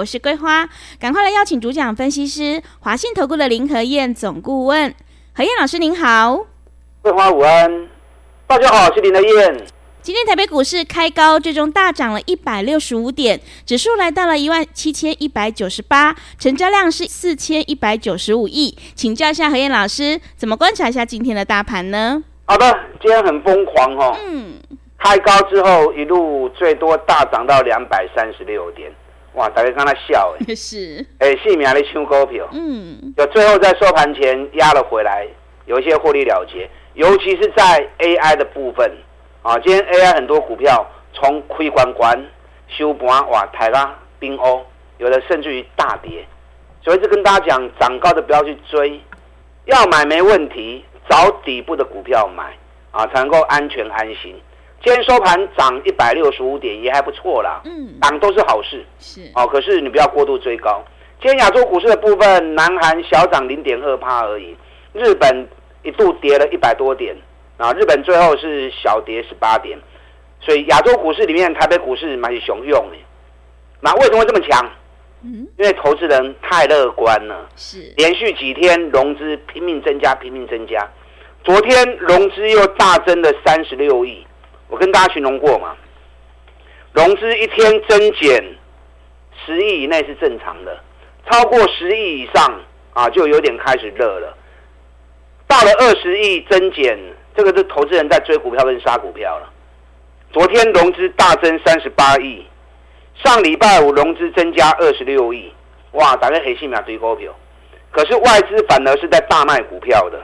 我是桂花，趕快來邀請主講分析師華信投顧的林和彥總顧問和彥老師，您好。桂花午安，大家好，是林和彥。今天台北股市開高，最終大漲了一百六十五點，指數來到了一萬七千一百九十八，成交量是四千一百九十五億。請教一下和彥老師，怎麼觀察一下今天的大盤呢？好的，今天很瘋狂哦，嗯，開高之後一路最多大漲到兩百三十六點。哇！大家看他笑誒，是誒，姓、欸、名還咧搶股票，嗯，就最後在收盤前壓了回來，有一些獲利了結，尤其是在 AI 的部分啊，今天 AI 很多股票從虧管管修盤，哇，台拉、冰歐，有的甚至於大跌，所以就跟大家講，漲高的不要去追，要買沒問題，找底部的股票買啊，才能夠安全安心。今天收盤漲一百六十五點，也還不錯啦。嗯，漲都是好事。是哦，可是你不要過度追高。今天亞洲股市的部分，南韓小漲零點二趴而已，日本一度跌了一百多點啊，日本最後是小跌十八點。所以亞洲股市裡面，台北股市蠻雄勇的。那為什麼會這麼強？嗯，因為投資人太樂觀了。是連續幾天融資拼命增加，拼命增加。昨天融資又大增了三十六億。我跟大家形容過嘛，融資一天增減十億以內是正常的，超過十億以上啊，就有點開始熱了。到了二十億增減，這個是投資人在追股票跟殺股票了。昨天融資大增三十八億，上禮拜五融資增加二十六億，哇，打概黑心秒追股票，可是外資反而是在大賣股票的。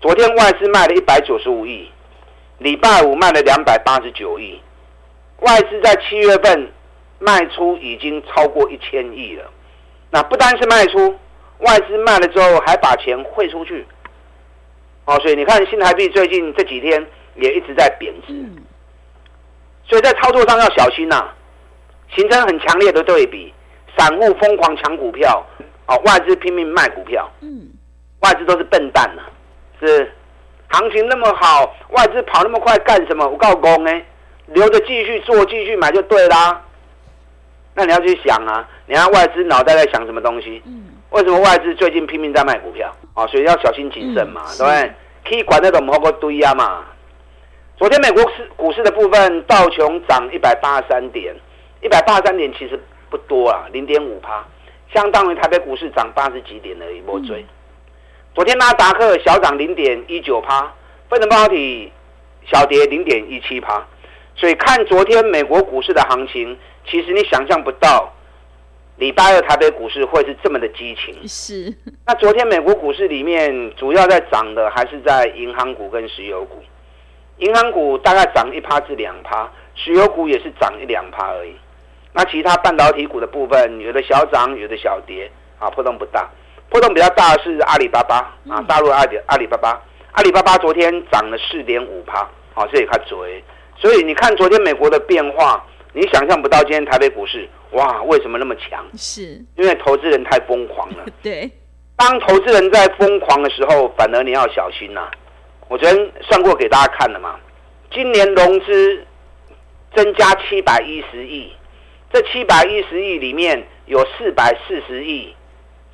昨天外資賣了一百九十五億。禮拜五賣了兩百八十九億，外資在七月份賣出已經超過一千億了。那不單是賣出，外資賣了之後還把錢匯出去，哦，所以你看新台幣最近這幾天也一直在貶值。所以在操作上要小心吶、啊，形成很強烈的對比：散戶瘋狂搶股票，哦、外資拼命賣股票，嗯，外資都是笨蛋啊，是。行情那麼好，外資跑那麼快幹什麼？我告公呢，留着繼續做，繼續買就對啦。那你要去想啊，你看外資腦袋在想什麼東西？為什麼外資最近拼命在賣股票啊？所以要小心謹慎嘛，對，嗯、不對？可以管那個蘑菇堆啊嘛。昨天美國市股市的部分，道瓊漲一百八十三點，一百八十三點其實不多啊，零點五趴，相當於台北股市漲八十幾點而已，莫追。嗯昨天那斯達克小漲零點一九趴，費城半導體小跌零點一七趴，所以看昨天美國股市的行情，其實你想象不到，禮拜二台北股市會是這麼的激情。是。那昨天美國股市裡面主要在漲的還是在銀行股跟石油股，銀行股大概漲一趴至兩趴，石油股也是漲一兩趴而已。那其他半導體股的部分，有的小漲，有的小跌，啊，波動不大。波動比較大的是阿里巴巴啊，大陸阿里、嗯、阿里巴巴、阿里巴巴昨天漲了四點五趴。好、哦，這也看它。所以你看昨天美國的變化，你想象不到今天台北股市哇，為什麼那麼強？是因為投資人太瘋狂了。對，當投資人在瘋狂的時候，反而你要小心了。啊、我昨天算過給大家看了嘛，今年融資增加七百一十億，這七百一十億裡面有四百四十億。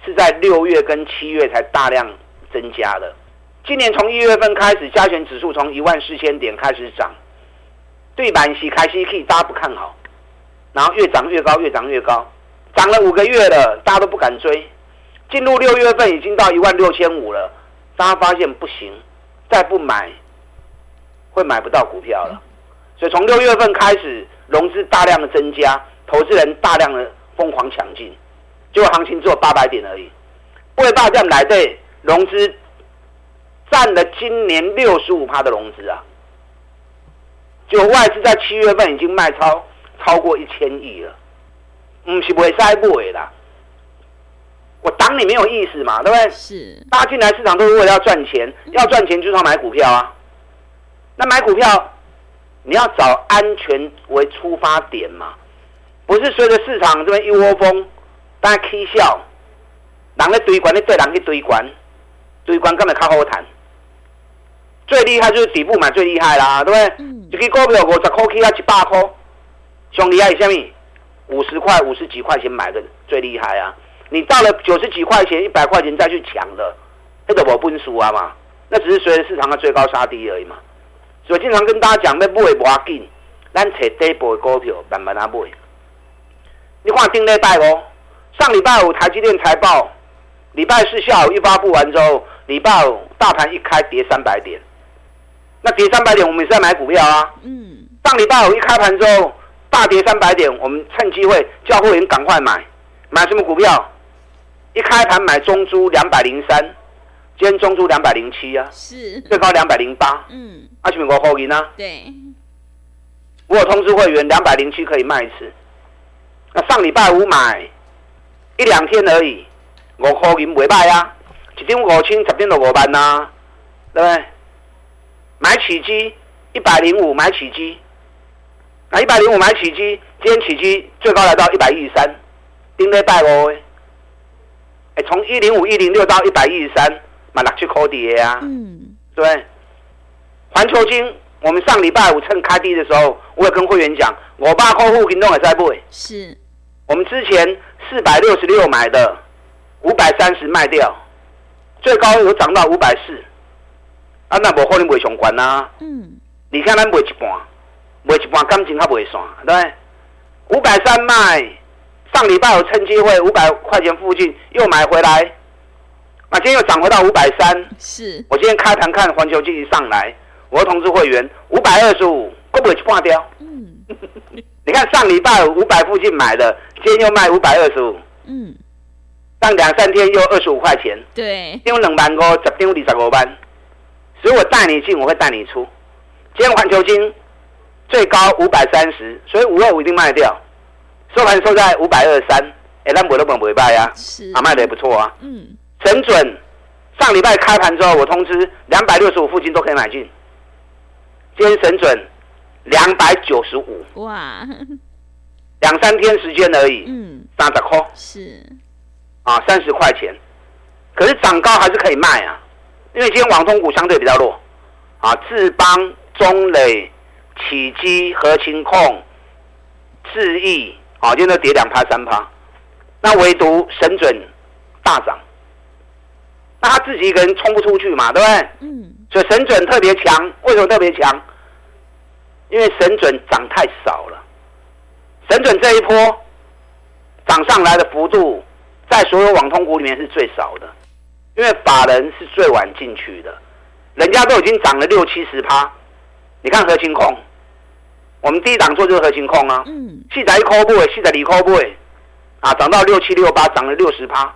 是在六月跟七月才大量增加的。今年從一月份開始，加權指數從一萬四千點開始漲，對板喜開喜閉，大家不看好，然後越漲越高，越漲越高，漲了五個月了，大家都不敢追。進入六月份已經到一萬六千五了，大家發現不行，再不買會買不到股票了。所以從六月份開始，融資大量的增加，投資人大量的瘋狂搶進。就行情只有八百點而已，不會吧？這樣來對融資占了今年六十五趴的融資啊！就外資在七月份已經賣超超過一千億了，不是不會塞不會啦，我擋你沒有意思嘛，對不對？是，大家進來市場都是為了要賺錢，要賺錢就是要買股票啊。那買股票你要找安全為出發點嘛，不是隨着市場這邊一窩蜂。但起痟，人咧追高，你對人去追高，追高，敢咪較好賺？最厲害就是底部嘛，最厲害啦，對不對、嗯？一支股票五十箍起啊，一百箍，上厲害是啥物？五十塊、五十幾塊錢買的最厲害啊！你到了九十幾塊錢、一百塊錢再去搶的，那都無本事啊嘛！那只是隨着市場的追高殺低而已嘛。所以經常跟大家講，要買無要緊，咱找底部的股票慢慢啊買。你看頂禮拜無？上禮拜五台積電財報，禮拜四下午一發布完之後，禮拜五大盤一開跌三百點，那跌三百點，我們再買股票啊。嗯。上禮拜五一開盤之後大跌三百點，我們趁機會叫會員趕快買，買什麼股票？一開盤買中租兩百零三，今天中租兩百零七啊，是最高兩百零八。嗯。啊請問我後員啊。對。我有通知會員兩百零七可以賣一次，那上禮拜五買。一兩天而已，五塊錢未歹啊！一點五千，十點六五萬啊，對不對？買起基一百零五，買起基，那一百零五買起基，啊，今天起基最高來到一百一十三，頂得拜哦！哎，從一零五一零六到一百一十三，買六七塊底的啊，對不對？環球金，我們上禮拜五趁開低的時候，我也跟會員講，我把客戶給弄在在不？是。我們之前四百六十六買的，五百三十賣掉，最高有漲到五百四，啊，那我可能未上關吶。嗯。你看咱賣一半，賣一半，感情還賣算對？五百三賣，上禮拜我趁機會五百塊錢附近又買回來，啊，今天又漲回到五百三。是。我今天開盤看環球經濟上來，我通知會員五百二十五，我賣一半掉。嗯。 你看上禮拜五,五百附近買的，今天又賣五百二十五。嗯。上兩三天又二十五塊錢。對。因為冷盤哦，漲停裡砸鍋板。所以，我帶你進，我會帶你出。今天環球晶最高五百三十，所以五二五一定賣掉。收盤收在五百二十三，哎，但不熱門不賣啊。是。啊，賣的也不錯啊。嗯。神準，上禮拜開盤之後我通知兩百六十五附近都可以買進。今天神準。兩百九十五，哇，兩三天時間而已，嗯，三十塊是，啊，三十塊錢，可是漲高還是可以賣啊，因為今天網通股相對比較弱，啊，智邦、中磊、啟碁、合勤控、智易，啊，今天都跌兩趴三趴，那唯獨神準大漲，那他自己一個人衝不出去嘛，對不對？嗯，所以神準特別強，為什麼特別強？因為神準漲太少了，神準這一波漲上來的幅度，在所有網通股裡面是最少的。因為法人是最晚進去的，人家都已經漲了六七十趴。你看核心控，我們第一檔做就是核心控啊。嗯。細仔一摳部位，細仔二摳部位，啊，漲到六七六八，漲了六十趴。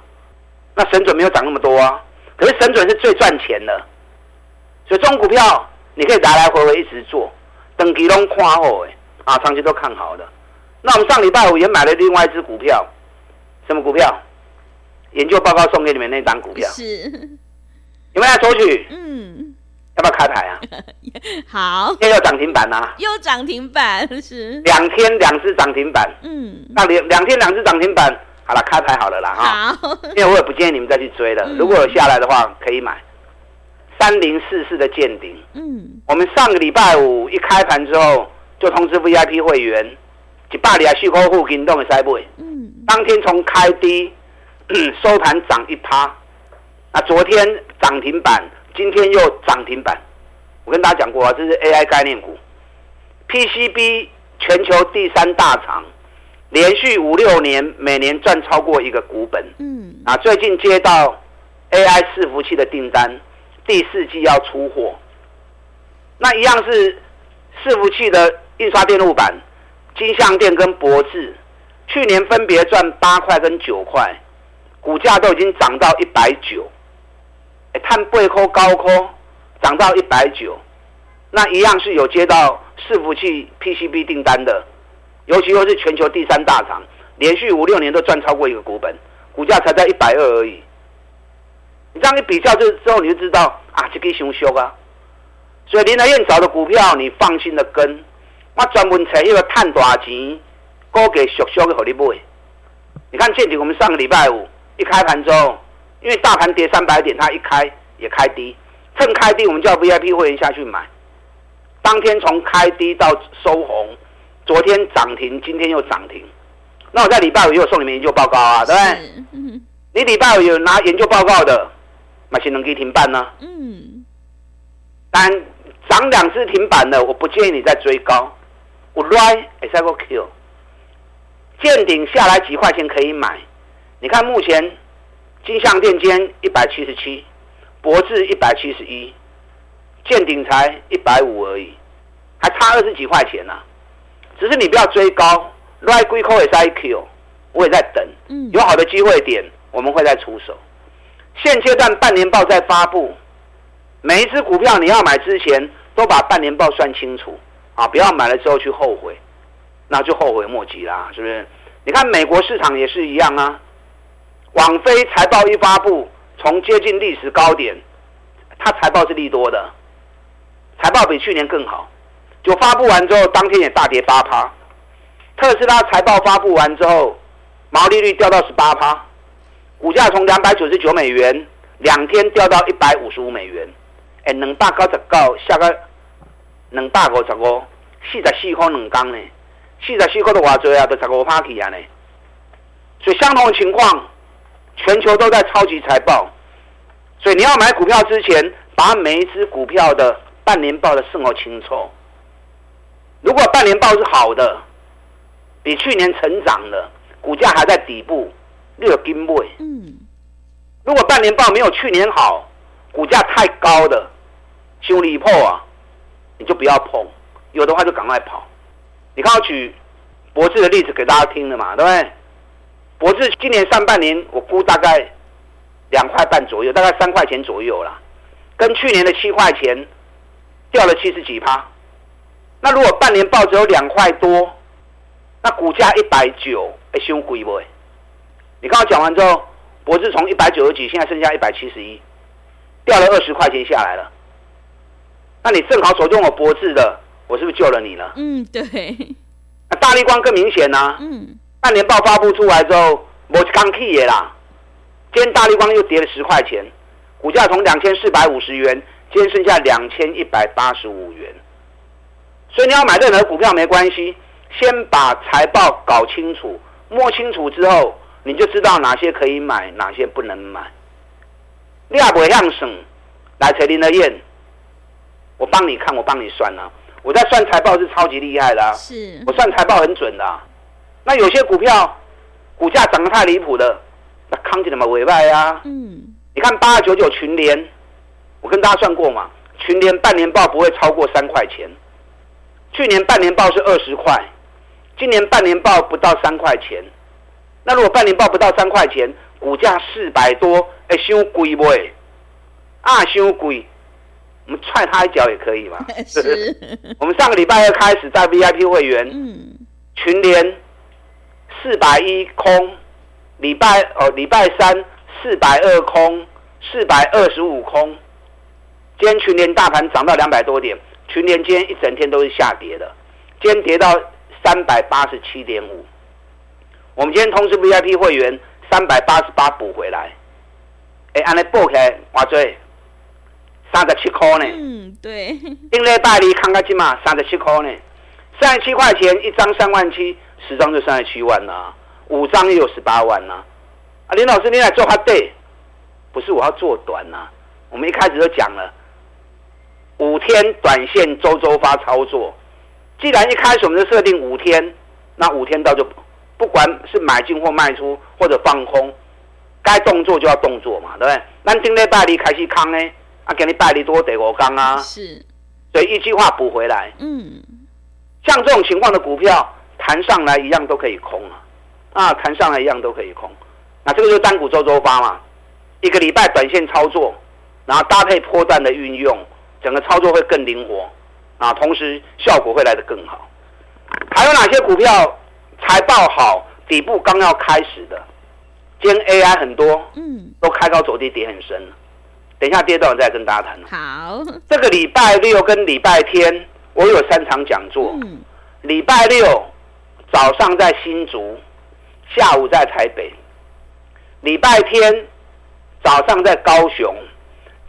那神準沒有漲那麼多啊，可是神準是最賺錢的，所以這種股票你可以來來回回一直做。長期攏看好誒，啊，長期都看好的。那我們上禮拜五也買了另外一隻股票，什麼股票？研究報告送給你們那張股票。是。你們要抽取。嗯。要不要開牌啊？ 好。又要漲停板啊，又漲停板是。兩天兩支漲停板。嗯。那兩兩天兩支漲停板，好了，開牌好了啦哈。好。因為 我也不建議你們再去追了。如果有下來的話，嗯、可以買。三零四四的健鼎嗯，我們上個禮拜五一開盤之後，就通知 VIP 會員及巴黎亞旭客戶，給動的個篩嗯，當天從開低收盤漲一趴。昨天漲停板，今天又漲停板。我跟大家講過啊，這是 AI 概念股，PCB 全球第三大廠，連續五六年每年賺超過一個股本。嗯，啊，最近接到 AI 伺服器的訂單。第四季要出貨，那一樣是伺服器的印刷電路板。金像電跟博智，去年分別賺八塊跟九塊，股價都已經漲到一百九。碳貝科高空漲到一百九，那一樣是有接到伺服器 PCB 訂單的，尤其又是全球第三大廠，連續五六年都賺超過一個股本，股價才在一百二而已。你這樣一比較就之後你就知道啊，這個熊熊啊，所以林和彥找的股票你放心的跟，我專門找一個探大錢，高價熊縮的給你買。你看健鼎我們上個禮拜五一開盤之後因為大盤跌三百點，它一開也開低，趁開低我們叫 VIP 會員下去買，當天從開低到收紅，昨天漲停，今天又漲停。那我在禮拜五又送你們研究報告啊，對不對？你禮拜五有拿研究報告的。那些能給停板呢？嗯，但漲兩次停板了，我不建議你再追高。我 right is IQ 健鼎下來幾塊錢可以買。你看目前金像電一百七十七，博智一百七十一，健鼎才一百五而已，還差二十幾塊錢呢、啊。只是你不要追高，right is IQ 我也在等，有好的機會點，我們會再出手。現階段半年報在發布，每一只股票你要買之前，都把半年報算清楚啊！不要買了之後去後悔，那就後悔莫及啦，是不是？你看美國市場也是一樣啊。網飛財報一發布，從接近歷史高點，它財報是利多的，財報比去年更好。就發布完之後，當天也大跌八趴。特斯拉財報發布完之後，毛利率掉到十八趴。股價從兩百九十九美元兩天掉到一百五十五美元，哎、欸，兩百九十五到下個兩百五十五哦，四十四塊兩天呢，四十四塊都外濟啊，都十五趴起啊呢。所以相同的情況，全球都在超級財報，所以你要買股票之前，把每一支股票的半年報的審核清楚。如果半年報是好的，比去年成長了，股價還在底部。六金會，如果半年報沒有去年好，股價太高的修理破啊，你就不要碰，有的話就趕快跑。你看我舉博智的例子給大家聽了嘛，對不對？博智今年上半年我估大概兩塊半左右，大概三塊錢左右啦，跟去年的七塊錢掉了七十幾趴。那如果半年報只有兩塊多，那股價一百九會修貴不？你剛剛講完之後，博智從一百九十幾，現在剩下一百七十一，掉了二十塊錢下來了。那你正好手中有博智的，我是不是救了你了？嗯，對。那大立光更明顯吶、啊。嗯。半年報發布出來之後，博智剛起也啦。今天大立光又跌了十塊錢，股價從兩千四百五十元，今天剩下兩千一百八十五元。所以你要買任何股票沒關係，先把財報搞清楚，摸清楚之後。你就知道哪些可以買，哪些不能買。立亞伯向省來財林和彥，我幫你看，我幫你算啊。我在算財報是超級厲害的、啊，是我算財報很準的、啊。那有些股票股價漲得太離譜的，那康景怎麼委外啊？嗯，你看八二九九群聯，我跟大家算過嘛，群聯半年報不會超過三塊錢。去年半年報是二十塊，今年半年報不到三塊錢。那如果半年報不到三塊錢，股價四百多，哎，太貴不？啊，太貴，我們踹他一腳也可以嘛？是呵呵。我們上個禮拜二開始在 VIP 會員群聯四百一空，禮拜哦禮拜三四百二空，四百二十五空。今天群聯大盤漲到兩百多點，群聯今天一整天都是下跌的，今天跌到三百八十七點五。我們今天通知 VIP 會員三百八十八補回來。哎、欸，這樣補起來多少？三十七塊呢。嗯，對。訂在巴黎康佳機嘛，三十七塊呢，三十七塊錢一張，三萬七，十張就三十七萬啦，五張也有十八萬啦。啊，林老師，你來做法對，不是我要做短吶、啊。我們一開始就講了，五天短線周周發操作。既然一開始我們就設定五天，那五天到就。不管是買進或賣出，或者放空，該動作就要動作嘛，對不對？那今天大力開始康呢，多啊，給你大力多得我扛啊，是，所以一句話補回來。嗯，像這種情況的股票，彈上來一樣都可以空啊，啊，彈上來一樣都可以空。那這個就是單股周周發嘛，一個禮拜短線操作，然後搭配波段的運用，整個操作會更靈活啊，同時效果會來得更好。還有哪些股票？財報好，底部剛要開始的，今天 AI 很多，嗯，都開高走低，跌很深。等一下跌到再跟大家談。好，這個禮拜六跟禮拜天我有三場講座，嗯，禮拜六早上在新竹，下午在台北，禮拜天早上在高雄。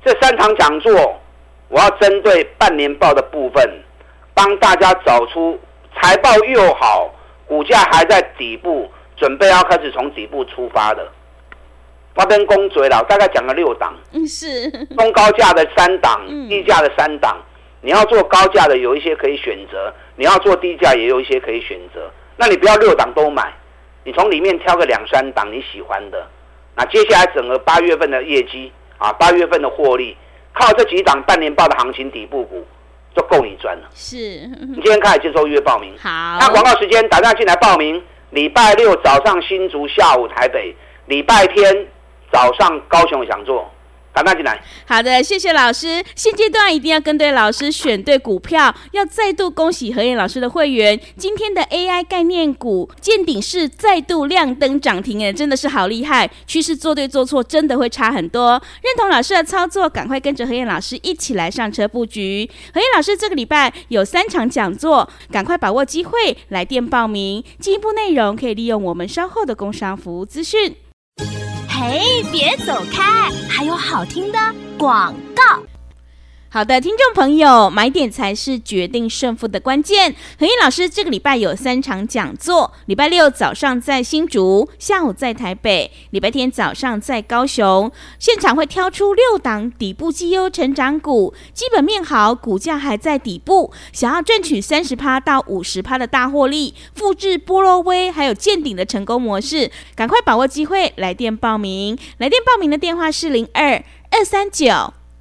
這三場講座，我要針對半年報的部分，幫大家找出財報又好。股價還在底部，準備要開始從底部出發的。發邊公嘴佬大概講了六檔，嗯是，中高價的三檔，低價的三檔。你要做高價的，有一些可以選擇；你要做低價，也有一些可以選擇。那你不要六檔都買，你從裡面挑個兩三檔你喜歡的。那接下來整個八月份的業績啊，八月份的獲利，靠這幾檔半年報的行情底部股，就夠你賺了。是，你今天開始接受預約報名。好，那廣告時間，打電話進來報名。禮拜六早上新竹，下午台北；禮拜天早上高雄講座。好的，謝謝老師。現階段一定要跟對老師，選對股票。要再度恭喜何燕老師的會員，今天的 AI 概念股見頂式再度亮燈漲停誒，真的是好厲害！趨勢做對做錯，真的會差很多。認同老師的操作，趕快跟着何燕老師一起來上車布局。何燕老師這個禮拜有三場講座，趕快把握機會來電報名。進一步內容可以利用我們稍後的工商服務資訊。哎，別走開，還有好聽的廣告。好的，聽眾朋友，買點才是決定勝負的關鍵。和彥老師這個禮拜有三場講座，禮拜六早上在新竹，下午在臺北，禮拜天早上在高雄。現場會挑出六檔底部績優成長股，基本面好，股價還在底部，想要賺取三十趴到五十趴的大獲利，複製波若威還有健鼎的成功模式，趕快把握機會，來電報名。來電報名的電話是零二二三九。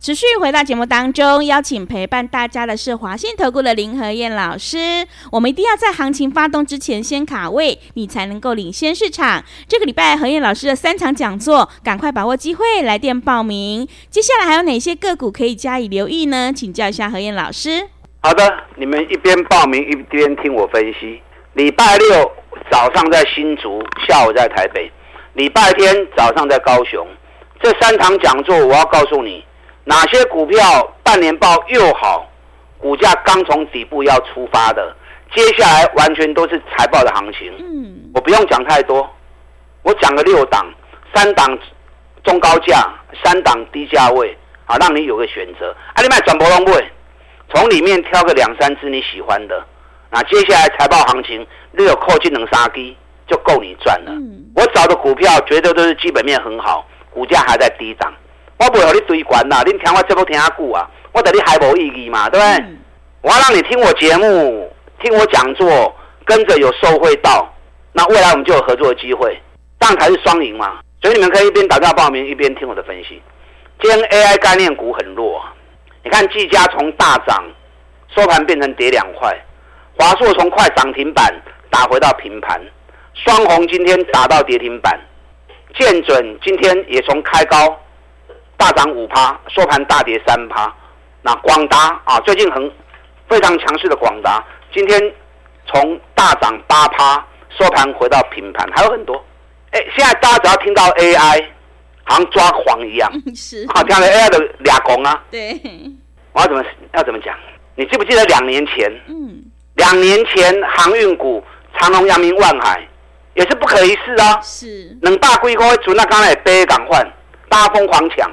持續回到節目當中，邀請陪伴大家的是華信投顧的林和彥老師。我們一定要在行情發動之前先卡位，你才能夠領先市場。這個禮拜和彥老師的三場講座，趕快把握機會來電報名。接下來還有哪些個股可以加以留意呢？請教一下和彥老師。好的，你們一邊報名一邊聽我分析。禮拜六早上在新竹，下午在台北；禮拜天早上在高雄。這三場講座，我要告訴你。哪些股票半年報又好，股價剛從底部要出發的，接下來完全都是財報的行情。嗯，我不用講太多，我講個六檔、三檔中高價，三檔低價位，啊，讓你有個選擇。啊，你買轉博龍不位？從裡面挑個兩三隻你喜歡的，那、啊、接下來財報行情略有靠近能殺低，就夠你賺了。我找的股票絕對都是基本面很好，股價還在低檔。我不會你追關啦你聽我這麼聽啊句啊，我對你還沒意義嘛，對不對？我要讓你聽我節目，聽我講座，跟着有收穫到，那未來我們就有合作的機會，但還是雙贏嘛。所以你們可以一邊打電話報名，一邊聽我的分析。今天 AI 概念股很弱，你看，技嘉從大漲收盤變成跌兩塊，華碩從快漲停板打回到平盤，雙紅今天打到跌停板，建準今天也從開高。大漲五趴，收盤大跌三趴。那廣達啊，最近很非常強勢的廣達，今天從大漲八趴，收盤回到平盤。還有很多，哎，現在大家只要聽到 AI，好像抓狂一樣，啊、好，聽到 AI 的倆拱啊。對，我要怎麼要怎麼講？你記不記得兩年前？嗯。兩年前航運股長榮陽明、萬海也是不可一世啊。是、啊。兩大貴哥，從那剛才北港換，大家瘋狂搶。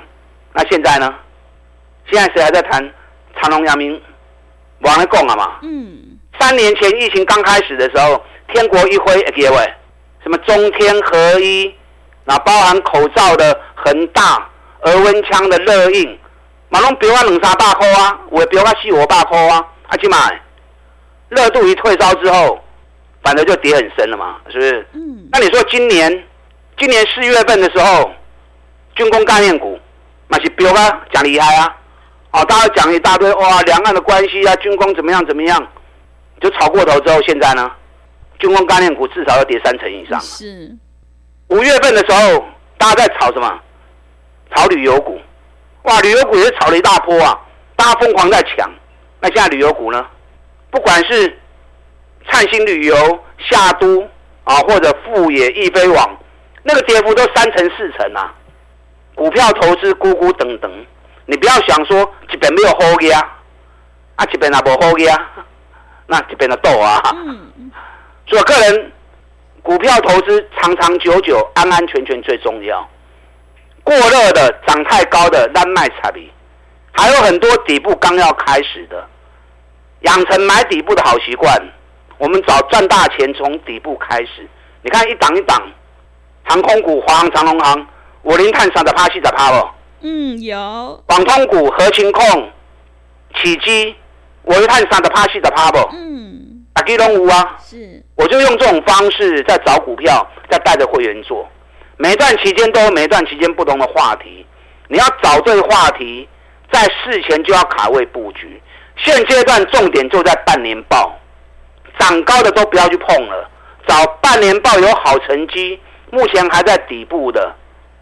那現在呢？現在誰還在談長榮、陽明、萬海貢啊嘛？嗯，三年前疫情剛開始的時候，天國一揮，哎，各位，什麼中天合一，那包含口罩的恆大、額溫槍的熱映，馬龍別忘冷沙大科啊，我別忘西河大科啊，啊，金滿，熱度一退燒之後，反而就跌很深了嘛，是不是？嗯。那你說今年，今年四月份的時候，軍工概念股？那些標啊，講厲害啊！哦，大家講一大堆，哇，兩岸的關係啊，軍工怎麼樣怎麼樣，就炒過頭之後，現在呢，軍工概念股至少要跌三成以上。是，五月份的時候，大家在炒什麼？炒旅遊股，哇，旅遊股也炒了一大波啊，大家瘋狂在搶。那現在旅遊股呢？不管是燦星旅遊、夏都啊，或者富野、易飛網，那個跌幅都三成四成啊。股票投資，咕咕等等，你不要想說基本沒有好的啊，啊基本哪不好的啊，那這邊的多啊。所、嗯、以個人股票投資長長久久、安安全全最重要。過熱的、漲太高的，爛賣差比，還有很多底部剛要開始的，養成買底部的好習慣。我們找賺大錢，從底部開始。你看一檔一檔，航空股、華航、長榮航。我零探三的趴戲的趴哦，嗯，有。廣通股核情控，起擊我零探三的趴戲的趴哦，嗯，打雞、啊、都五啊，是。我就用這種方式在找股票，在帶着會員做，每段期間都有每段期間不同的話題，你要找對話題，在事前就要卡位布局。現階段重點就在半年報，漲高的都不要去碰了，找半年報有好成績，目前還在底部的。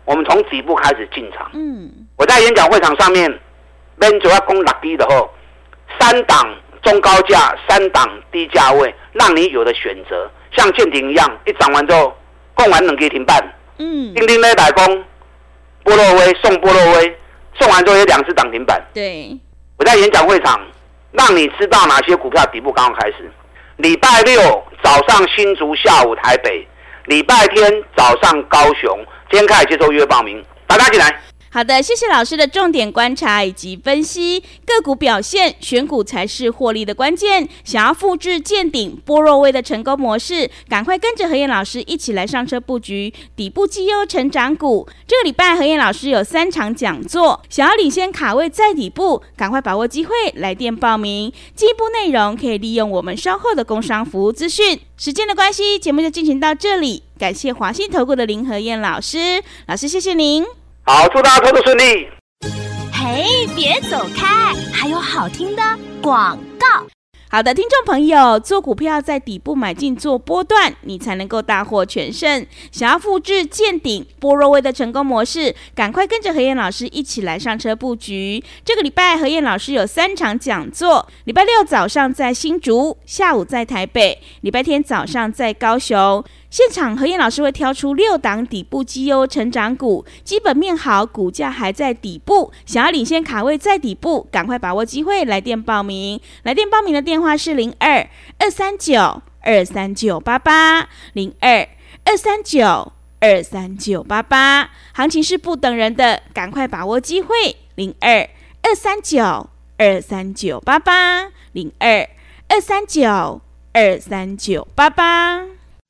我們從底部開始進場。嗯，我在演講會場上面主要攻拉低的後三檔中高價，三檔低價位，讓你有的選擇，像健鼎一樣，一漲完之後，攻完能跌停板，嗯、叮叮停打工，波洛威送波洛威，送完之後有兩次漲停板。對，我在演講會場，讓你知道哪些股票底部剛剛開始。禮拜六早上新竹，下午台北，禮拜天早上高雄。現看，接受預約報名，把他拉進來。好的，謝謝老師的重點觀察以及分析個股表現，選股才是獲利的關鍵。想要複製健鼎波若威的成功模式，趕快跟着和彥老師一起來上車布局底部績優成長股。這個禮拜和彥老師有三場講座，想要領先卡位在底部，趕快把握機會來電報名。進一步內容可以利用我們稍後的工商服務資訊。時間的關係，節目就進行到這裡，感謝華信投顧的林和彥老師，老師謝謝您。好，祝大家操作順利。嘿，別走開，還有好聽的廣告。好的，聽眾朋友，做股票在底部買進做波段，你才能夠大獲全勝。想要複製健鼎波若威的成功模式，趕快跟着和彥老師一起來上車布局。這個禮拜和彥老師有三場講座，禮拜六早上在新竹，下午在台北，禮拜天早上在高雄。現場和彥老師會挑出六檔底部績優成長股，基本面好，股價還在底部，想要領先卡位在底部，趕快把握機會，來電報名。來電報名的電話是零二二三九二三九八八零二二三九二三九八八。行情是不等人的，趕快把握機會，零二二三九二三九八八零二二三九二三九八八。